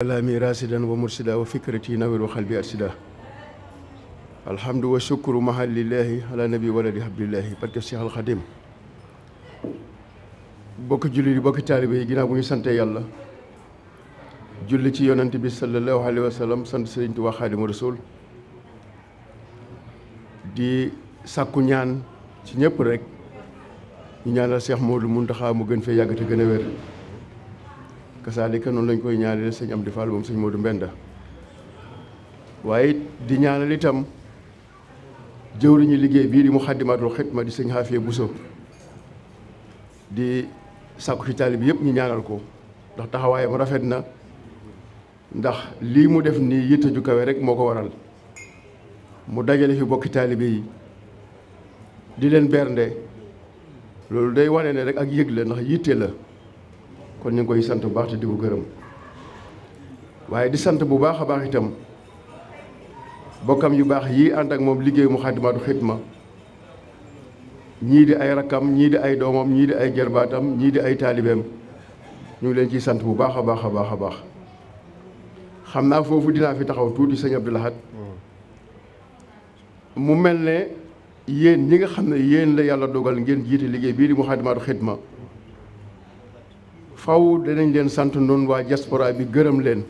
alaami rasidan wa mursida wa fikrati nawir wa xalbi arsida alhamdu wa shukru mahalillahi ala nabi waladi hablillahi barke Cheikh al Khadim bokk julli yi bokk taalibe yi ginnaaw bu ñu sante yàlla julli ci yonent bi sallallahu alayhi wa sallam sant Sëriñ Tuubaa Xaadimu Rasuul di sàkku ñaan ci ñëpp rek ñu ñaanal Cheikh Modou Mountakha mu gën fee yàgg te gën a wér kasaalika noonu lañ koy ñaanale sëñ Amdi Fall moom sëñ Modou Mbenda waaye di ñaanal itam jëwriñu liggéey mu bii di Muxaddamatul Xidma di sëñ Xaafiya Buso di sàkku ci taalib yëpp ñu ñaanal ko ndax taxawaay taxawaayam rafet na ndax lii mu def nii yitte ju kawe rek moo ko waral mu dajale fi bokki taalibe yi di leen bernde loolu day wane ne rek ak yëg la ndax yitte la kon ñu ngi koy sant bu baax te di ko gërëm waaye di sant bu baax a baax itam bokkam yu baax yii ànd ak moom liggéey mu Muxaddamatul ma ñii di ay rakkam ñii di ay doomam ñii di ay jarbaatam ñii di ay taalibeem ñu ngi leen ciy sant bu baax a baax a baax a baax xam naa foofu dinaa fi taxaw tuuti sëñ Abdou Lahad mu mel ne yéen ñi nga xam ne yéen la yàlla dogal ngeen jiite liggéey bii di Muxaddamatul ma faw danañ leen sant noonu waa diaspora bi gërëm leen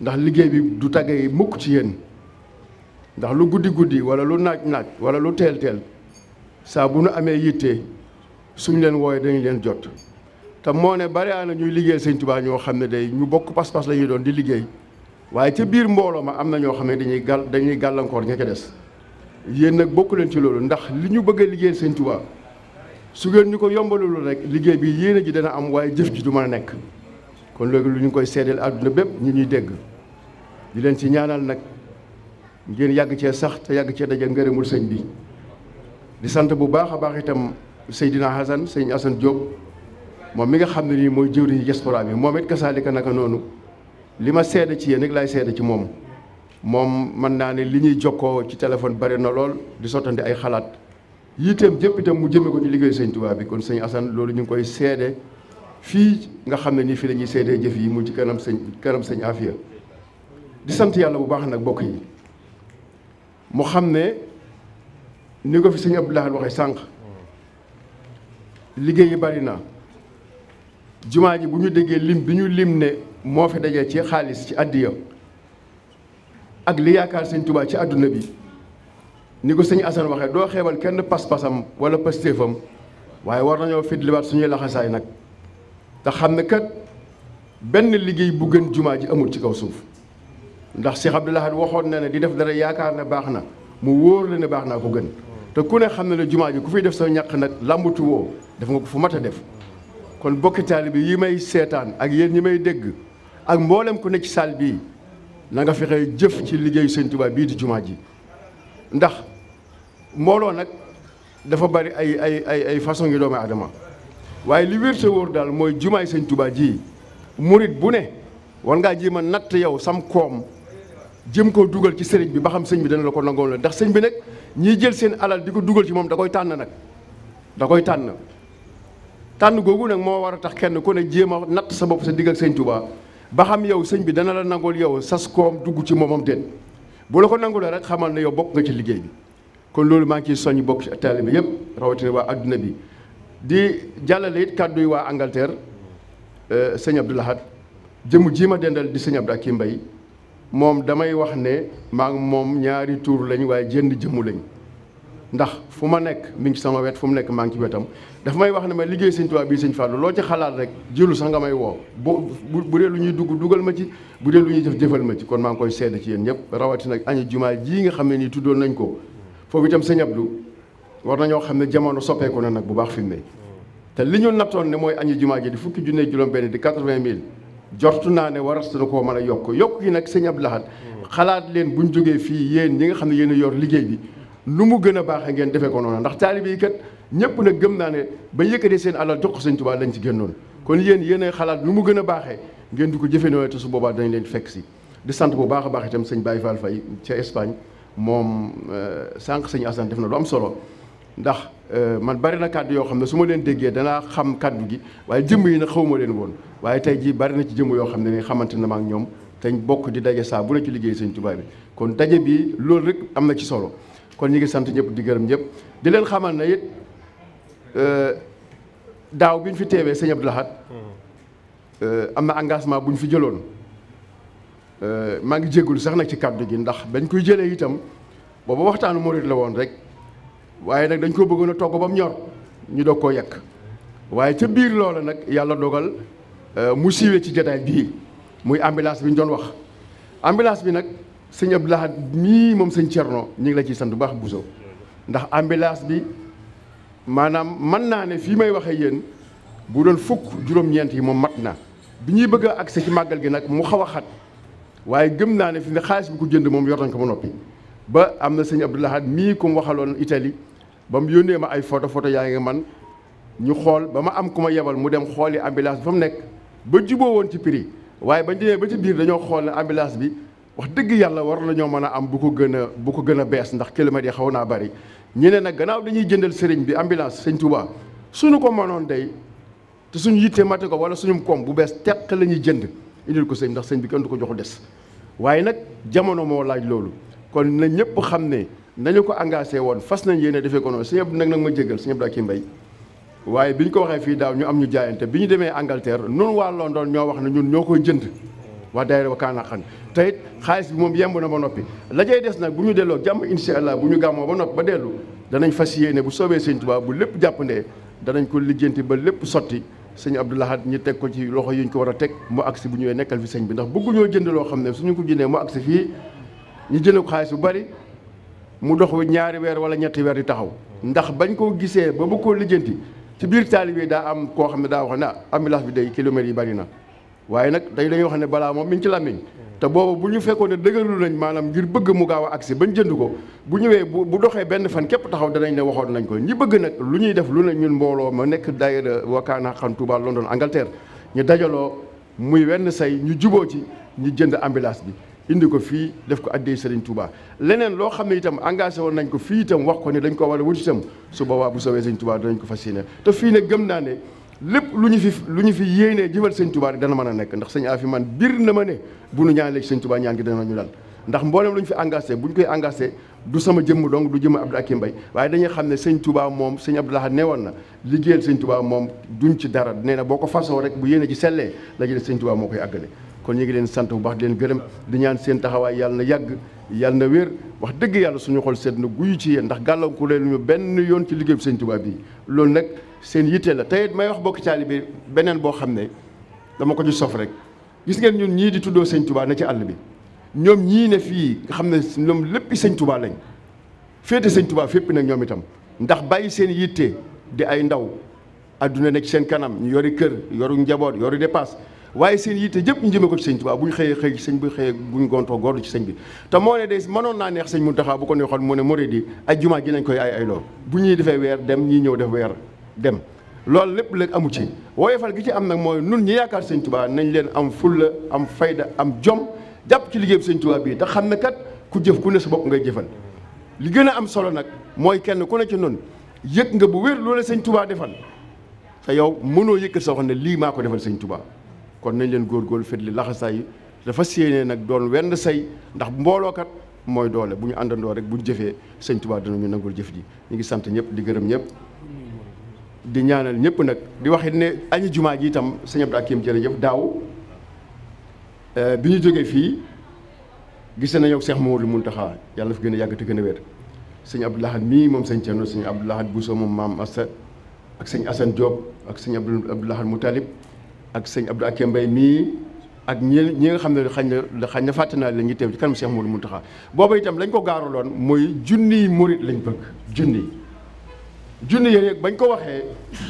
ndax liggéey bi du tàggee mukk ci yéen ndax lu guddi guddi wala lu naaj naaj wala lu teel teel saa bu nu amee yitte suñ leen wooyee dañu leen jot te moo ne bari na ñuy liggéey sëñ Tuubaa ñoo xam ne day ñu bokk pas-pas la ñuy doon di liggéey waaye ca biir mbooloo ma am na ñoo xam ne dañuy gàll dañuy gàllankoor ña ca des yéen nag bokku leen ci loolu ndax li ñu bëgg a liggéey sëñ su ngeen ñu ko yombalul rek liggéey bi yéene ji dana am waaye jëf ji du mën a nekk kon loolu lu ñu koy seedeel àdduna bépp ñu ñuy dégg di leen ci ñaanal nag ngeen yàgg cee sax te yàgg cee daje ngërëmul sëñ bi di sant bu baax a baax itam Seydina Hassan sëñ Assane Diop moom mi nga xam ne nii mooy jëwriñu diaspora bi moom it kasaalika naka noonu li ma seede ci yéen rek lay seede ci moom moom mën naa ne li ñuy jokkoo ci téléphone bari na lool di sottandi ay xalaat yitteem jëpp itam mu jëmee ko ci liggéey sañ tubaab bi kon sëñ Assane loolu ñu koy seede fii nga xam ne nii fii la seedee jëf yi mu ci kanam sëñ kanam sëñ Afia di sant yàlla bu baax nag bokk yi mu xam ne ni ko fi sëñ Abdou Lahad waxee sànq liggéey yi bari na jumaa ji bu ñu déggee lim bi ñu lim ne moo fi dajee ci xaalis ci àddiya ak li yaakaar sëñ Tuubaa ci àdduna bi ni ko sëñ Assane waxee doo xeebal kenn pas-pasam wala pastéefam waaye war nañoo fidliwaat suñuy laxasaay nag te xam ne kat benn liggéey bu gën jumaa ji amul ci kaw suuf ndax Cheikh Abdou Lahad waxoon na ne di def dara yaakaar ne baax na mu wóor la ne baax naa ko gën te ku ne xam ne ne jumaa ji ku fiy def sa ñàq nag làmbatu woo def nga ko fu mat a def kon bokki taalibe yi may seetaan ak yéen ñi may dégg ak mboolem ku ne ci salle bii na nga fexe jëf ci liggéeyu Sëñ Tuubaa bii di jumaa ji ndax mbooloo nag dafa bari ay ay ay ay façon ngi doomu aadama waaye li wér sa daal mooy jumaay sëñ tubaa ji murit bu ne war ngaa jéem a natt yow sam koom jëm koo dugal ci sëriñ bi ba xam sëñ bi dana la ko nangoo la ndax sëñ bi nag ñiy jël seen alal di ko dugal ci moom da koy tànn nag da koy tànn tànn googu nag moo war a tax kenn ku ne jéem a natt sa bopp sa diggal ak sëñ Tuubaa ba xam yow sëñ bi dana la nangool yow sas koom dugg ci moom moomam déet bu la ko nangul rek xamal ne yow bokk nga ci liggéey kon loolu maa ngi ciy soññ bokk ci taalibe yëpp rawatina waa adduna bi di jàllale it kàddu yi waa Angleterre euh, sëñ Abdou Lahad jëmu jii ma dendal di sëñ Abdou ki Mbaye moom damay wax ne maa ngi moom ñaari tuur lañ waaye jënd jëmu lañ ndax fu ma nekk mi ngi sama wet fu mu nekk maa ngi ci wetam dafa may wax ne ma liggéey sëñ Tuubaa bii sëñ Fàllu loo ci xalaat rek jëlu sax nga may woo bu bu dee lu ñuy dugg dugal ma ci bu dee lu ñuy jëf ma ci kon maa ngi koy yéen ñëpp rawatina ak añu jumaa jii nga xam ne tuddoon nañ ko foofu itam sëñ lu war nañoo xam ne jamono soppeeku na nag bu baax fi mu ne te li ñu nattoon ne mooy añu jumaa ji di fukki junne juróom-benn di quatre-vingt mille jortu naa ne waras na ko mën a yokk yokk yi nag sëñ Abdou xalaat leen bu ñu jógee fii yéen ñi nga xam ne yéen a yor liggéey bi lu mu gën a baaxee ngeen defee ko noonu ndax taalibe yi kat ñëpp nag gëm naa ne ba yëkkatee seen alal jox ko sëñ Tuubaa lañ ci génnoon kon yéen yéen xalaat lu mu gën a baaxee ngeen di ko jëfe noonu su boobaa dañ leen fekk si di sant bu baax a baax itam sëñ Baye Fall Faye ca Espagne moom euh, sànq sëñ asan def na lu am solo ndax euh, man bari na kàddu yoo xam ne su ma leen déggee danaa xam kàddu gi waaye jëmm yi nag xaw leen woon waaye tey jii bari na ci jëmm yoo xam ne ni xamante na ma ak ñoom teñ bokk di daje saa bu ne ci liggéey sëñ Tuubaa bi kon daje bi loolu rek am na ci solo kon ñu ngi sant ñëpp di gërëm ñëpp di leen xaman na it euh, daaw bi ñu fi teewee sëñ Abdou Lahad mm-hmm. am na engagement bu ñu fi jëloon. Euh, maa ngi jéggul sax nag ci kàddu gi ndax bañ koy jëlee itam booba waxtaanu murit la woon rek waaye nag dañ koo bëggoon a togg ba mu ñor ñu doog koo yekk waaye ca biir loola nag yàlla dogal euh, mu siiwee ci jataay bii muy ambulance bi ñu doon wax ambulance bi nag sëñ Abdou Lahad mii moom sëñ Thierno ñu ngi la ciy sant bu baax Bousso ndax ambulance bi maanaam mën naa ne fii may waxee yéen bu doon fukk juróom-ñeent yi moom mat na bi ñuy bëgg a agsi ci màggal gi nag mu xaw a xat waaye gëm naa ne fi ne xaalis bi ko jënd moom yor ko ba noppi ba am na sëñ Abdou Lahad mii ku mu waxaloon Italie ba mu yónnee ma ay photo photo yaa ngi man ñu xool ba ma am ku ma yebal mu dem xooli ambulance bi fa mu nekk ba juboo woon ci prix waaye bañ demee ba ci biir dañoo xool ne ambulance bi wax dëgg yàlla war nañoo mën a am bu ko gën a bu ko gën a bees ndax kilomètres yi xaw naa bari ñu ne nag gannaaw dañuy jëndal sëriñ bi ambulance sëñ Touba suñu ko mënoon day te suñu yitte mate ko wala suñu koom bu bees teq la ñuy jënd indil ko sëñ ndax sëñ bi kenn du ko jox des waaye nag jamono moo laaj loolu kon na ñëpp xam ne nañu ko engagé woon fas nañ yéene defee ko noonu sëñ nag nag ma jégal sëñ bi daa kii mbay waaye bi ñu ko waxee fii daaw ñu am ñu jaayante bi ñu demee Angleterre nun waa London ñoo wax ne ñun ñoo koy jënd waa daayira wa kaana xan te it xaalis bi moom yemb na ba noppi la jay des nag bu ñu delloo jàmm insha allah bu ñu gàmmoo ba nopp ba dellu danañ fas yéene bu soobee sëñ Tuubaa bu lépp jàppandee danañ ko lijjanti ba lépp sotti sëñ Abdoulahad ñu teg ko ci loxo yuñ ko war a teg mu agsi bu ñëwee nekkal fi señ bi ndax bëgguñoo jënd loo xam ne suñu ko jëndee mu agsi fii ñu jënd ko xaalis bu bari mu dox ñaari weer wala ñetti weer di taxaw ndax bañ koo gisee ba bu koo lijjanti ci biir taalibe daa am koo xam ne daa wax ne ah ambulance bi dey kilomètres yi bari na waaye nag dañ dañuy wax ne balaa moom miñ ngi ci làmmiñ te booba bu ñu fekkoon ne dëgërlu nañ maanaam ngir bëgg mu gaaw a agsi bañ jënd ko bu ñëwee bu bu doxee benn fan képp taxaw danañ ne waxoon nañ ko ñi bëgg nag lu ñuy def lu ne ñun mbooloo ma nekk daayira Wakana Haqqan Touba London Angleterre ñu dajaloo muy wenn say ñu juboo ci ñu jënd ambulance bi indi ko fii def ko addee Serigne Touba leneen loo xam ne itam engagé woon nañ ko fii itam wax ko ne dañ ko war a wut itam su boobaa bu sawee Serigne Touba danañ ko fas yéene te fii nag gëm naa lépp lu ñu fi lu ñu fi yéenee jëfal sëñ Tuubaa dana mën a nekk ndax sëñ Afi man biir na ma ne bu nu ñaanee sëñ tubaa ñaan gi dana ñu dal ndax mboolem lu ñu fi engagé bu ñu koy engagé du sama jëmm dong du jëmm Abdou Akim Mbaye waaye dañuy xam ne sëñ Touba moom sëñ Abdou nee woon na liggéeyal sëñ tubaa moom duñ ci dara nee na boo ko fasoo rek bu yéene ci sellee la jëlee sëñ Touba moo koy àggale kon ñu ngi leen sant bu baax di leen gërëm di ñaan seen yàlla na yàgg yàlla na wér wax dëgg yàlla suñu xol seet na guyu ci ndax gàllankoor leen benn yoon ci liggéey bi sëñ loolu nag seen yitte la tey may wax bokk taalibe bi beneen boo xam ne dama ko ci sof rek gis ngeen ñun ñii di tuddoo sëñ tubaa na ci àll bi ñoom ñii ne fii nga xam ne ñoom lépp sëñ Touba lañ féete sëñ Touba fépp nag ñoom itam ndax bàyyi seen yitte di ay ndaw adduna nekk seen kanam ñu yori kër yoru njaboot yoru dépasse waaye seen yitte jëpp ñu jëmee ko ci sëñ Touba bu ñu xëyee xëy sëñ bi xëyee bu ñu gontoo góorlu ci sëñ bi te moo ne day mënoon naa neex sëñ Mountakha bu ko neexoon mu ne Mouride ay jumaa ji nañ koy ay ay lool bu ñuy defee weer dem ñii ñëw def weer dem loolu lépp léegi amu ci woyofal gi ci am nag mooy nun ñi yaakaar sëñ tubaa nañ leen am fulla am fayda am jom jàpp ci liggéeyam sëñ Tuubaa bii te xam ne kat ku jëf ku ne sa bopp ngay jëfal li gën a am solo nag mooy kenn ku ne ci nun yëg nga bu wér loola sañ tubaa defal sa yow mënoo yëkkat sa wax ne lii maa ko defal sañ Tuubaa kon nañ leen góorgóorlu fet li laxasaay yi dafa séenee nag doon wenn say ndax mbooloo kat mooy doole bu ñu àndandoo rek bu ñu jëfee sëñ Tuubaa danañu nangul jëf ji ñu ngi sant ñëpp di gërëm ñëpp di ñaanal ñëpp nag di waxit ne añu jumaa ji itam sëñ Abdou Akim jërëjëf daaw euh, bi ñu jógee fii gise nañu ak Seex Mouhamadou Mountakha yàlla fi gën a yàgg te gën a wér sëñ Abdou Lahad mii moom sëñ Thierno sëñ Abdou Lahad Bousso moom maam Assa ak sëñ Assane Diop ak sëñ Abdou Lahad Moutalib ak sëñ Abdou Akim Mbaye mii ak ñi ñi nga xam ne xañ na xañ na fàtte naa la ñu teew ci kanam Seex Mouhamadou Mountakha booba itam lañ ko gaaraloon mooy junniy murit lañ bëgg junniy junni yëreeg bañ ko waxee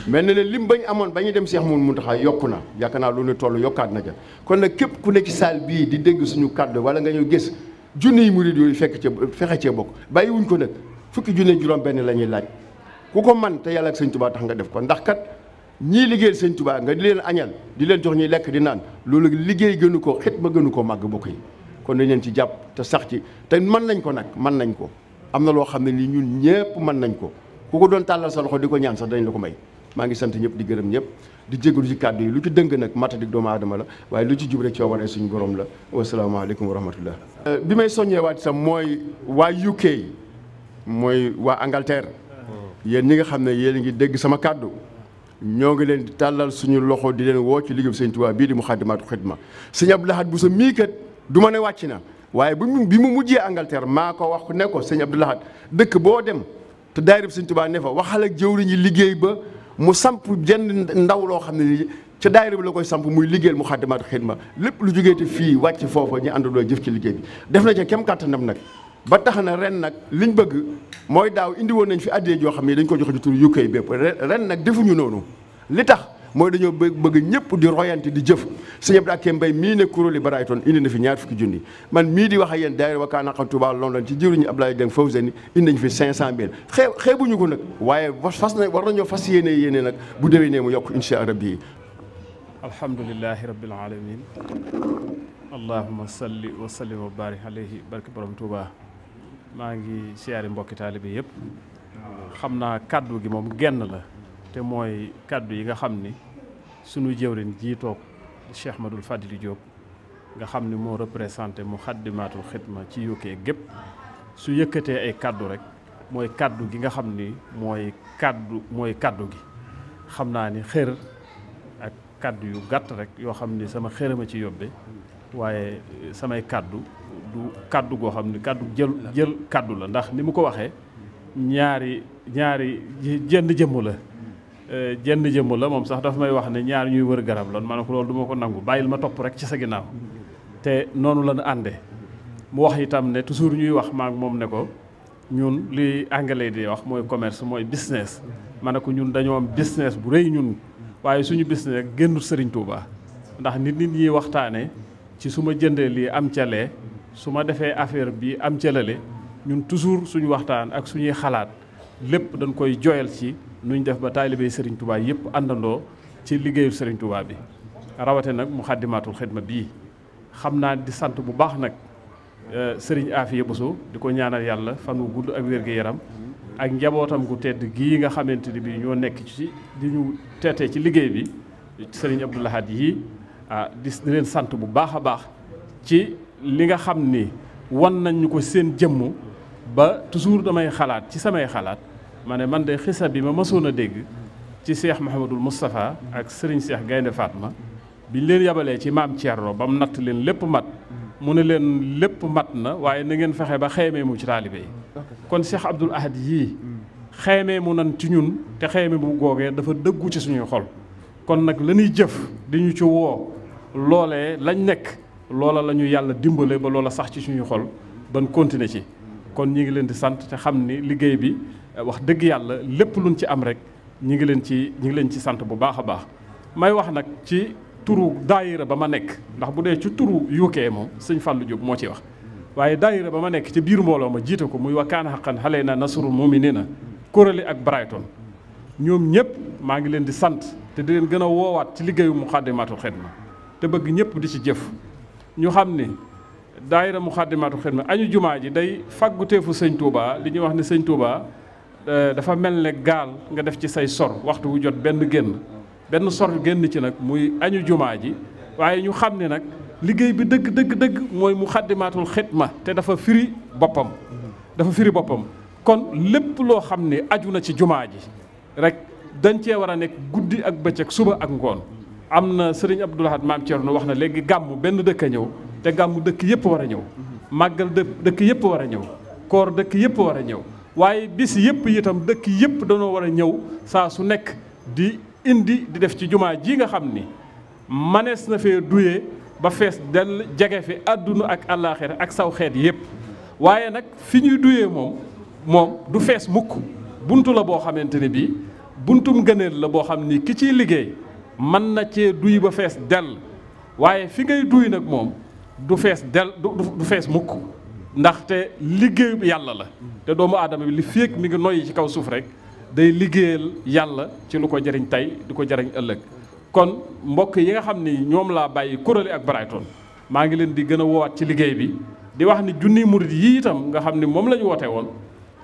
mel na ne lim bañ amoon ba ñu dem Cheikh Mouhamadou Mountakha yokk na yaakaar naa lu ñu toll yokkaat na ca kon nag képp ku ne ci salle bii di dégg suñu kàddu wala nga ñëw gis junni yi murid yooyu fekk ca fexe cee bokk bàyyi wuñ ko nag fukki junne juróom benn la ñuy laaj ku ko man te yàlla ak sëñ Tuubaa tax nga def ko ndax kat ñii liggéeyal sëñ Tuubaa nga di leen añal di leen jox ñuy lekk di naan loolu liggéey gënu ko xit ma gënu ko màgg bokk yi kon dañ leen ci jàpp te sax ci te mën nañ ko nag mën nañ ko am na loo xam ne ni ñun ñëpp mën nañ ko ku ko doon tàllal sa loxo di ko ñaan sax dañ la ko may maa ngi sant ñëpp di gërëm ñëpp di jégalu ci kàddu yi lu ci dënk nag matadik doomu adama la waaye lu ci jub rek coobare suñu borom la wasalaamaaleykum wa rahmatullah euh, bi may soññeewaat sax mooy waa UK mooy waa Angleterre yéen ñi nga xam ne yéen a ngi dégg sama kàddu ñoo ngi leen di tàllal suñu loxo di leen woo ci liggéeyu Sëñ Tuubaa bii di Muxaddamatul Xidma sëñ Abdou Lahad bu sa mii kat du ma ne wàcc na waaye bi mu mujjee Angleterre maa ko wax ne ko sëñ Abdou Lahad dëkk boo dem te daayirab sëñ Tuubaa ne fa waxal ak jëwriñu liggéey ba mu samp jenn ndaw loo xam ne nii ca daayira bi la koy samp muy liggéeyal mu xaddimaatu ma lépp lu jógee te fii wàcc foofa ñu àndandoo jëf ci liggéey bi def na ca kem kàttanam nag ba tax na ren nag liñ bëgg mooy daaw indi woon nañ fi addee joo xam ne dañ ko jox ci tur UK bépp ren nag defuñu noonu li tax mooy dañoo bëgg ñëpp di royante di jëf sëñ Abdou Akim Mbaye mii ne kuréel yi Barayton indi na fi ñaar fukki junni man mii di wax ak yéen daayira Wakana Haqqan Touba London ci jëruñu Abdoulaye Dieng Fawzeni indi nañ fi 500000 xeeb xeebuñu ko nag waaye fas na war nañoo fas yéene yéene nag bu déwénee mu yokk insha rabbi yi alhamdulilahi rabbil alamin allahuma salli wa sallim wa barik alayhi barke borom Touba maa ngi siyaari mbokki taalibe yëpp xam naa kàddu gi moom genn la te mooy kàddu yi nga xam ni sunu jëwrin jii toog Cheikh Madul Fadili Diop nga xam ni moo représenté mu xaddimaatul ma ci yokkee gépp su yëkkatee ay kàddu rek mooy kàddu gi nga xam ni mooy kàddu mooy kàddu gi xam naa ni xër ak kàddu yu gàtt rek yoo xam ni sama ma ci yóbbe waaye samay kàddu du kàddu goo xam ni kàddu jël kàddu la ndax ni mu ko waxee ñaari ñaari jënd jëmm la jenn jëmm la moom sax dafa may wax ne ñaar ñuy wër garab lan man ne ko loolu du ma ko nangu bàyyil ma topp rek ci sa ginnaaw te noonu la ñu àndee mu wax itam ne toujours ñuy wax maak moom ne ko ñun li anglais di wax mooy commerce mooy business ma ne ko ñun dañoo am business bu rëy ñun waaye suñu business rek génnul Serigne Touba ndax nit nit ñiy waxtaanee ci su ma jëndee lii am calee su ma defee affaire bi am calale ñun toujours suñu waxtaan ak suñuy xalaat lépp dañ koy joyal ci nuñ def ba taalibey Serigne Touba yëpp àndandoo ci liggéeyu Serigne Touba bi rawate nag mu xàddimaatul xidma bii xam naa di sant bu baax nag euh, Serigne Afia Bousso di ko ñaanal yàlla fan wu gudd ak wér gi yaram ak njabootam gu tedd gii nga xamante ni bii ñoo nekk ci di ñu teete ci liggéey bi Serigne Abdou Lahad yii ah di leen sant bu baax a baax ci li nga xam ni wan nañ ko seen jëmm ba toujours damay xalaat ci samay xalaat. ma ne man de xisa bi ma mësoon a dégg ci seex Mouhamadul Moustapha ak Serigne Seex Gaynde Fatma biñ leen yabalee ci maam Thierno ba mu natt leen lépp mat mu ne leen lépp mat na waaye na ngeen fexe ba xeymee mu ci taalibe yi kon Seex Abdul Ahad yii xeymee mu nan ci ñun te xeymee mu googee dafa dëggu ci suñuy xol kon nag la ñuy jëf di ñu ci woo loolee lañ nekk loola la ñu yàlla dimbale ba loola sax ci suñuy xol ban continuer ci kon ñi ngi leen di sant te xam ni liggéey bi Eh, wax dëgg yàlla lépp luñ ci am rek ñi ngi leen ci ñi ngi leen ci sant bu baax a baax may wax nag ci turu daayira ba ma nekk ndax bu dee ci turu yuukee moom sëñ Fallou Diop moo ci wax waaye daayira ba ma nekk ci biir mbooloo ma jiite ko muy wa kaana xaqan xale na nasrul na Kórale ak Brighton ñoom ñëpp maa ngi leen di sant te di leen gën a woowaat ci liggéeyu Muxaddamatul ma te bëgg ñëpp di ci jëf ñu xam ni daayira xet Xidma añu jumaa ji day fàgguteefu sëñ li ñuy wax ne sëñ Euh, dafa mel ne gaal nga def ci say sor waxtu wu jot benn génn benn sor génn ci nag muy añu jumaa ji waaye ñu xam ne nag liggéey bi dëgg dëgg dëgg mooy mu xaddimaatul ma te dafa firi boppam dafa firi boppam kon lépp loo xam ne aju na ci jumaa ji rek dañ cee war a nekk guddi ak bëccëg suba ak ngoon am na sëriñ Abdou Lahad maam Thierno wax na léegi gàmmu benn dëkk a ñëw te gàmmu dëkk yëpp war a ñëw màggal dëkk yëpp war a ñëw koor dëkk yëpp war a ñëw waaye bis yëpp yitam dëkk yëpp danoo war a ñëw saa su nekk di indi di def ci jumaa ji nga xam ni mënees na fee duye ba fees dell jege fi àdduna ak àllaaxira ak saw xeet yëpp waaye nag fi ñuy duye moom moom du fees mukk buntu la boo xamante ne bii buntum gëneel la boo xam ni ki ciy liggéey mën na cee duy ba fees dell waaye fi ngay duy nag moom du fees dell du fees mukk ndaxte liggéey yàlla la te doomu aadama bi li féeg mi ngi noyyi ci kaw suuf rek day liggéeyal yàlla ci lu ko jëriñ tey di ko jëriñ ëllëg kon mbokk yi nga xam ni ñoom laa bàyyi kuréeli ak Brighton maa ngi leen di gën a woowaat ci liggéey bi di wax ni junni murid yii itam nga xam ni moom la ñu woote woon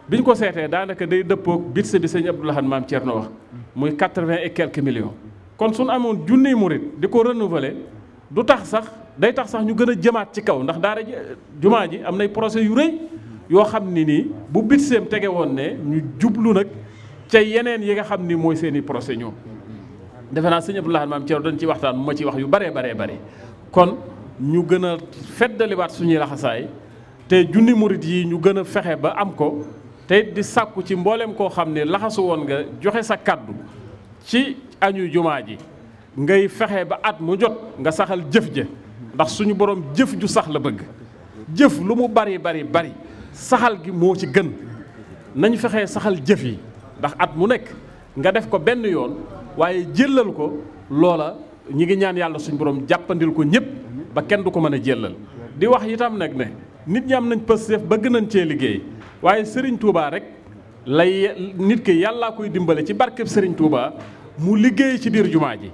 ñu ko seetee daanaka day dëppoog bitse bi sëñ Abdou Lahad Maam Thierno wax muy quatre-vingt et quelques millions kon suñu amoon junni murid di ko renouveler du tax sax day tax sax ñu gën a jëmaat ci kaw ndax daara ji jumaa ji am nay projet yu rëy yoo xam ni nii bu bit tege woon ne ñu jublu nag ca yeneen yi nga xam ni mooy seeni i projet ñoom defe naa sëñ Abdoulaye maam Thierno dañ ci waxtaan mu ma ciy wax yu baree baree bare kon ñu gën a feddaliwaat suñuy laxasaay te junni murit yi ñu gën a fexe ba am ko te di sàkku ci mbooleem koo xam ne laxasu woon nga joxe sa kàddu ci añu jumaa ji ngay fexe ba at mu jot nga saxal jëf ja ndax suñu borom jëf ju sax la bëgg jëf lu mu bari bari bari saxal gi moo ci gën nañu fexee saxal jëf yi ndax at mu nekk nga def ko benn yoon waaye jëllal ko loola ñi ngi ñaan yàlla suñu borom jàppandil ko ñëpp ba kenn du ko mën a jëllal di wax itam nag ne nit ñi am nañ pësteef bëgg nañ cee liggéey waaye Serigne tuubaa rek la nit ki yàllaa koy dimbale ci barkeb sëriñ Touba mu liggéey ci biir jumaa ji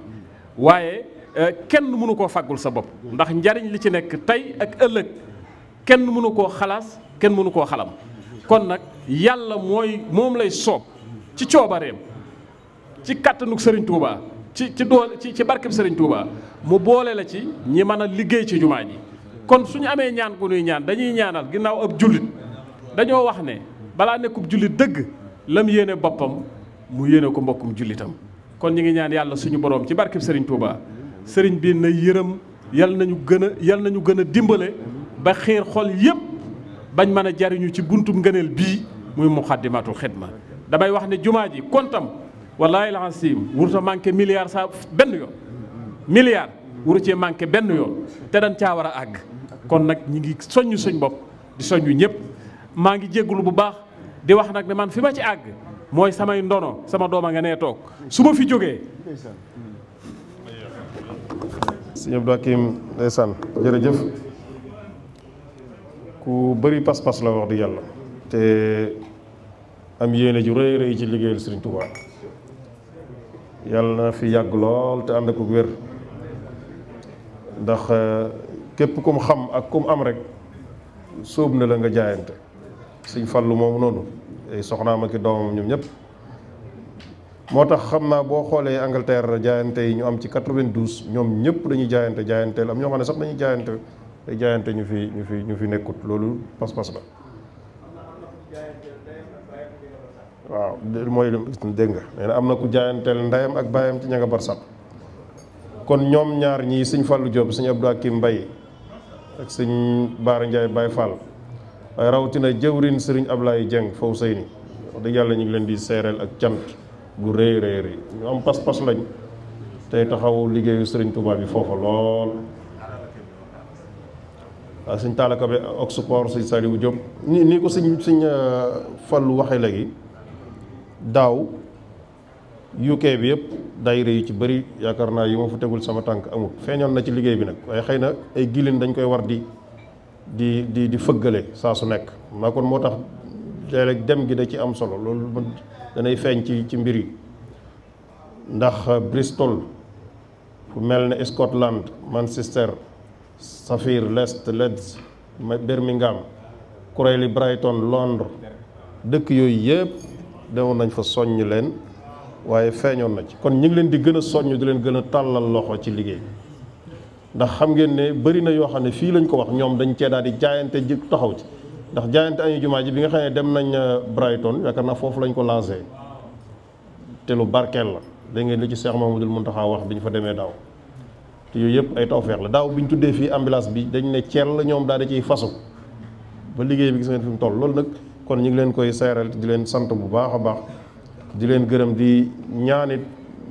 waaye Euh, kenn mënu koo fàggul sa bopp ndax njariñ li ci nekk tey ak ëllëg kenn mënu koo xalaas kenn mënu koo xalam kon nag yàlla mooy moom lay soob ci coobareem ci kàttanug sëriñ Touba ci ci dool ci ci barkeb sëriñ Touba mu boole la ci ñi mën a liggéey ci jumaa ji kon suñu amee ñaan gu ñaan dañuy ñaanal ginnaaw ab jullit dañoo wax ne balaa nekkub jullit dëgg lam yéene boppam mu yéene ko mbokkum jullitam kon ñi ngi ñaan yàlla suñu borom ci barkeb sëriñ Touba sëriñ bi na yërëm yal nañu gën a yal nañu gën a dimbale ba xiir xol yépp bañ mën a jariñu ci buntum ngëneel bii muy muxaddimatul xidma damay wax ne jumaa ji kontam wallaahi la asiim wurta manqué milliard sa benn yoon milliard wuru cee manqué benn yoon te dañ caa war a àgg kon nag ñi ngi soññ suñ bopp di soññu ñëpp maa ngi jégalu bu baax di wax nag ne man fi ma ci àgg mooy samay ndono sama doom a nga nee toog su ma fi jógee sëñ Abdou Hakim ndeysaan jërëjëf ku bëri pas-pas la wax di yàlla te am yéene ju rëy rëy ci liggéeyal sëriñ Touba yàlla na fi yàgg lool te ànd ak wér ndax eh, képp kum xam ak kum am rek sóob na la nga jaayante sëñ Fallu moomu noonu ay soxnaam ak i doomam ñoom ñëpp moo tax xam naa boo xoolee Angleterre jaayante yi ñu am ci 92 ñoom ñëpp dañuy jaayante jaayanteel am ñoo xam ne sax dañuy jaayante te jaayante ñu fi ñu fi ñu fi nekkut loolu pas-pas la waaw mooy dégg nga nee na am na ku jaayanteel ndeyam ak baayam ci ña nga barsàq kon ñoom ñaar ñii sëñ Fallou Diop sëñ Abdou Hakim Mbaye ak sëñ Baara Ndiaye Baye Fall waaye rawatina jëwrin sëriñ ab Ablaye Dieng Fawseyni wax dëgg yàlla ñu ngi leen di seereel ak cant gu rëy rëy rëy ñu am pas-pas lañ tey taxaw liggéeyu sëriñ Touba bi foofa lool waaw suñ taalaka bi ak support sari Saliou Diop ni nii ko suñ suñ euh, Fallou waxee léegi daaw UK bi yëpp daayira yu ci bari yaakaar naa yi ma tegul sama tànk amul feeñoon na ci liggéey bi nag waaye xëy na ay gilin dañ koy war di di di di fëggale saa su nekk maa kon moo tax léeg dem gi da ci am solo loolu mën danay feeñ ci ci mbir yi ndax euh, Bristol fu mel ne Scotland Manchester Saphir Leicester Leeds Birmingham Crawley Brighton Londres dëkk yooyu yëpp demoon nañ fa soññ leen waaye feeñoon na ci kon ñu ngi leen di gën a soññ di leen gën a tàllal loxo ci liggéey ndax xam ngeen ne bëri na yoo xam ne fii lañ ko wax ñoom dañ cee daal di jaayante ji taxaw ci ndax jaayante añu jumaa ji bi nga xam ne dem nañ euh, Brighton yaakaar naa foofu lañ ko lancé te lu barkeel la da ngeen li ci Cheikh Mamadou Mountakha wax bi ñu fa demee daaw te yooyu yëpp ay tawfeex la daaw bi ñu tuddee fii ambulance bi dañ ne ceel la ñoom daal da ciy fasu ba liggéey bi gis ngeen fi mu toll loolu nag kon ñu ngi leen koy seeral di leen sant bu baax a baax di leen gërëm di ñaanit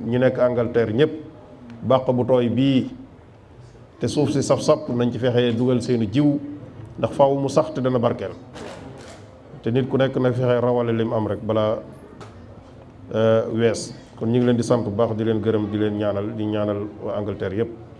ñu nekk Angleterre ñëpp bàq bu tooy bii te suuf si saf-sap nañ ci fexee dugal seenu jiw ndax faaw mu sax te dana barkeel te nit ku nekk na fexe rawale lim am rek balaa euh, wees kon ñu ngi leen di sant bu baax di leen gërëm di leen ñaanal di ñaanal waa Angleterre yëpp.